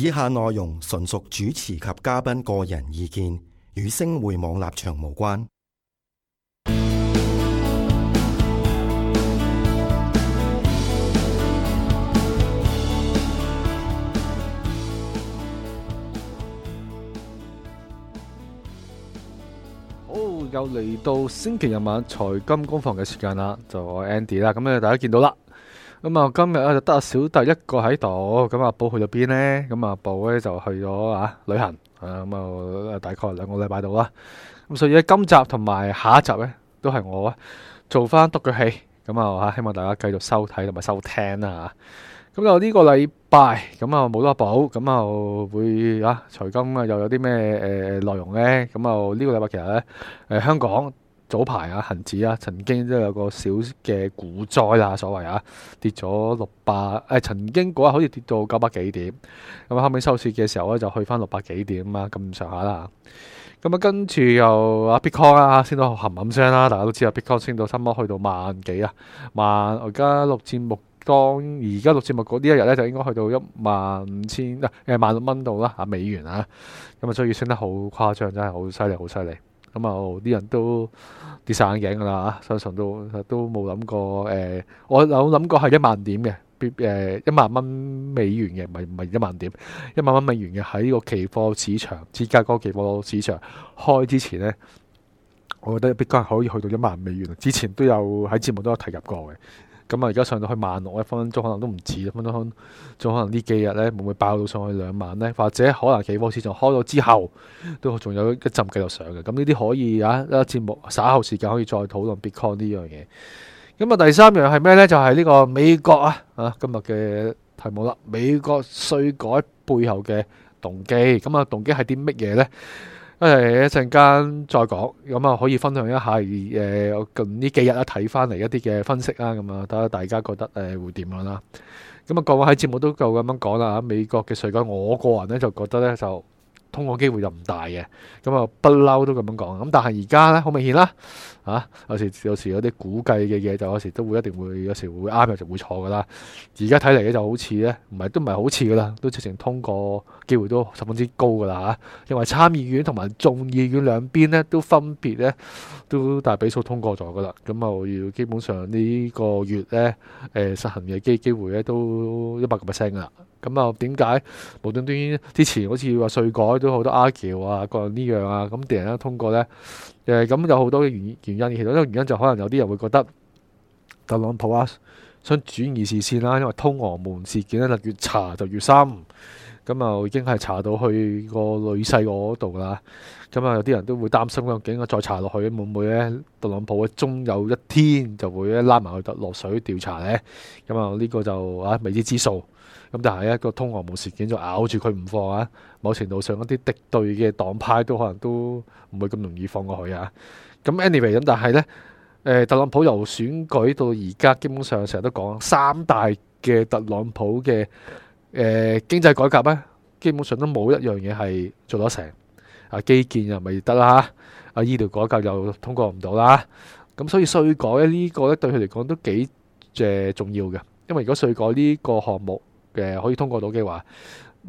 以下內容純屬主持及嘉賓個人意見，與星匯網立場無關。好，又嚟到星期日晚財金工房嘅時間啦，就我 Andy 啦，咁啊，大家見到啦。咁啊，今日啊，得阿小弟一個喺度，咁阿寶去咗邊咧？咁啊，寶咧就去咗啊，旅行，啊咁啊，大概兩個禮拜度啦。咁所以咧，今集同埋下一集咧，都係我啊，做翻獨角戲。咁啊，希望大家繼續收睇同埋收聽啦吓。咁啊，呢個禮拜咁啊冇咗阿寶，咁啊會啊財金啊又有啲咩誒內容咧？咁啊呢個禮拜其實咧誒香港。早排啊，恒指啊，曾經都有個小嘅股災啊，所謂啊，跌咗六百，誒，曾經嗰日好似跌到九百幾點，咁、嗯、後尾收市嘅時候咧就去翻六百幾點啊，咁上下啦。咁、嗯、啊，跟住又阿 Bitcoin 啊，升到冚冚聲啦、啊，大家都知啊，Bitcoin 升到差唔多去到萬幾啊，萬而家六千目當，而家六千目嗰啲一日咧就應該去到一萬五千，嗱誒萬六蚊度啦，16，啊美元啊，咁、嗯、啊，所以升得好誇張，真係好犀利，好犀利。咁啊，啲人都跌晒眼鏡㗎喇，相信都都冇諗過誒、呃，我有諗過係一萬點嘅，必、呃、一萬蚊美元嘅，唔係唔係一萬點，一萬蚊美元嘅喺個期貨市場，芝加哥期貨市場開之前呢，我覺得必經可以去到一萬美元。之前都有喺節目都有提及過嘅。.咁啊，而家上到去萬六一分，一分鐘，可能都唔止一分分鐘，仲可能呢幾日呢會唔會爆到上去兩萬呢？或者可能期貨市場仲開咗之後，都仲有一陣繼續上嘅。咁呢啲可以啊，一節目稍後時間可以再討論 Bitcoin 呢樣嘢。咁啊，第三樣係咩呢？就係、是、呢個美國啊，啊，今日嘅題目啦，美國稅改背後嘅動機。咁啊，動機係啲乜嘢呢？誒一陣間再講，咁啊可以分享一下誒，我近呢幾日啊睇翻嚟一啲嘅分析啦。咁啊睇下大家覺得誒會點樣啦。咁啊，各位喺節目都夠咁樣講啦。美國嘅稅改，我個人呢就覺得呢，就通過機會就唔大嘅。咁啊不嬲都咁樣講，咁但係而家呢，好明顯啦，啊有時，有時有時有啲估計嘅嘢就有時都會一定會有時會啱又就會錯噶啦。而家睇嚟呢，就好似呢，唔係都唔係好似噶啦，都直情通過。機會都十分之高噶啦嚇，因為參議院同埋眾議院兩邊呢，都分別呢，都大比數通過咗噶啦，咁啊要基本上呢個月呢，誒、呃、實行嘅機機會呢都一百個 percent 啦。咁啊點解無端端之前好似話稅改都好多 argue 啊，各樣呢樣啊，咁突然間通過呢？誒、呃？咁有好多嘅原原因，其實呢個原因就可能有啲人會覺得特朗普啊想轉移視線啦、啊，因為通俄門事件呢就越查就越深。咁啊，已經係查到去個女婿嗰度啦。咁、嗯、啊，有啲人都會擔心啦。究竟再查落去，會唔會咧？特朗普終有一天就會拉埋去特落水調查呢？咁、嗯這個、啊，呢個就啊未知之數。咁、嗯、但係一個通俄無事件就咬住佢唔放啊。某程度上，一啲敵對嘅黨派都可能都唔會咁容易放過佢啊。咁 anyway，咁但係呢、呃，特朗普由選舉到而家，基本上成日都講三大嘅特朗普嘅。誒、呃、經濟改革咧，基本上都冇一樣嘢係做得成啊，基建又咪得啦啊，醫療改革又通過唔到啦，咁所以稅改呢、呢個咧對佢嚟講都幾誒重要嘅，因為如果稅改呢個項目嘅、呃，可以通過到嘅話，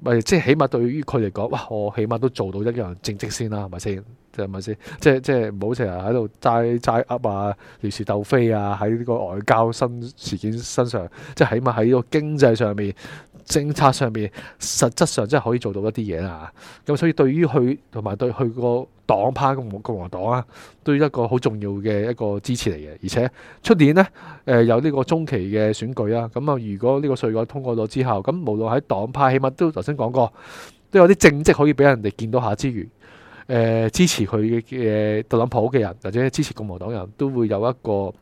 咪即係起碼對於佢嚟講，哇，我起碼都做到一樣政績先啦，係咪先？即係咪先？即係即係唔好成日喺度齋齋噏啊，撩是鬥非啊，喺呢個外交新事件身上，即係起碼喺呢個經濟上面。政策上面，實質上真係可以做到一啲嘢啦。咁所以對於佢同埋對佢個黨派共共和黨啊，都一個好重要嘅一個支持嚟嘅。而且出年呢，誒、呃、有呢個中期嘅選舉啦。咁啊，如果呢個稅改通過咗之後，咁無論喺黨派，起碼都頭先講過，都有啲政績可以俾人哋見到下之餘，誒、呃、支持佢嘅特朗普嘅人，或者支持共和黨人都會有一個。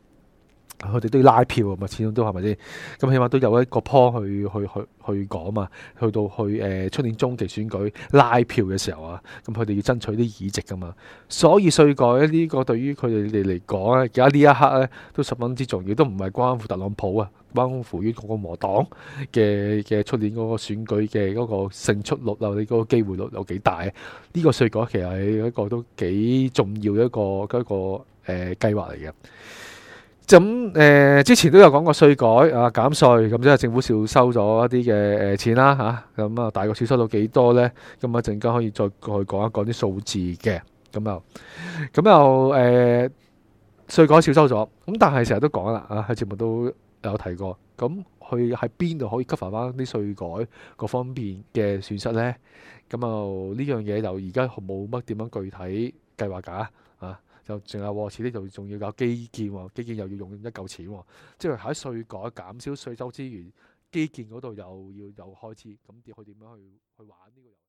佢哋都要拉票啊嘛，始終都係咪先？咁起碼都有一個 point 去去去去講嘛，去到去誒出、呃、年中期選舉拉票嘅時候啊，咁佢哋要爭取啲議席噶嘛。所以稅改呢個對於佢哋嚟講咧，而家呢一刻咧都十分之重要，都唔係關乎特朗普啊，關乎於共和黨嘅嘅出年嗰個選舉嘅嗰個勝出率啊，你嗰個機會率有幾大啊？呢、這個稅改其實係一個都幾重要一個一個誒、呃、計劃嚟嘅。咁誒，之前都有講過稅改啊，減稅，咁即係政府收收少收咗一啲嘅誒錢啦嚇。咁啊，大概少收到幾多咧？咁啊，陣間可以再過去講一講啲數字嘅。咁又咁又誒，稅、欸、改少收咗。咁但係成日都講啦，啊，喺節目都有提過。咁佢喺邊度可以克服翻啲稅改各方面嘅損失咧？咁啊，呢樣嘢就而家冇乜點樣具體計劃㗎。就淨係喎，遲啲就仲要搞基建喎，基建又要用一嚿錢喎，即係喺稅改減少稅收之餘，基建嗰度又要又開始，咁點去點樣去去玩呢個遊？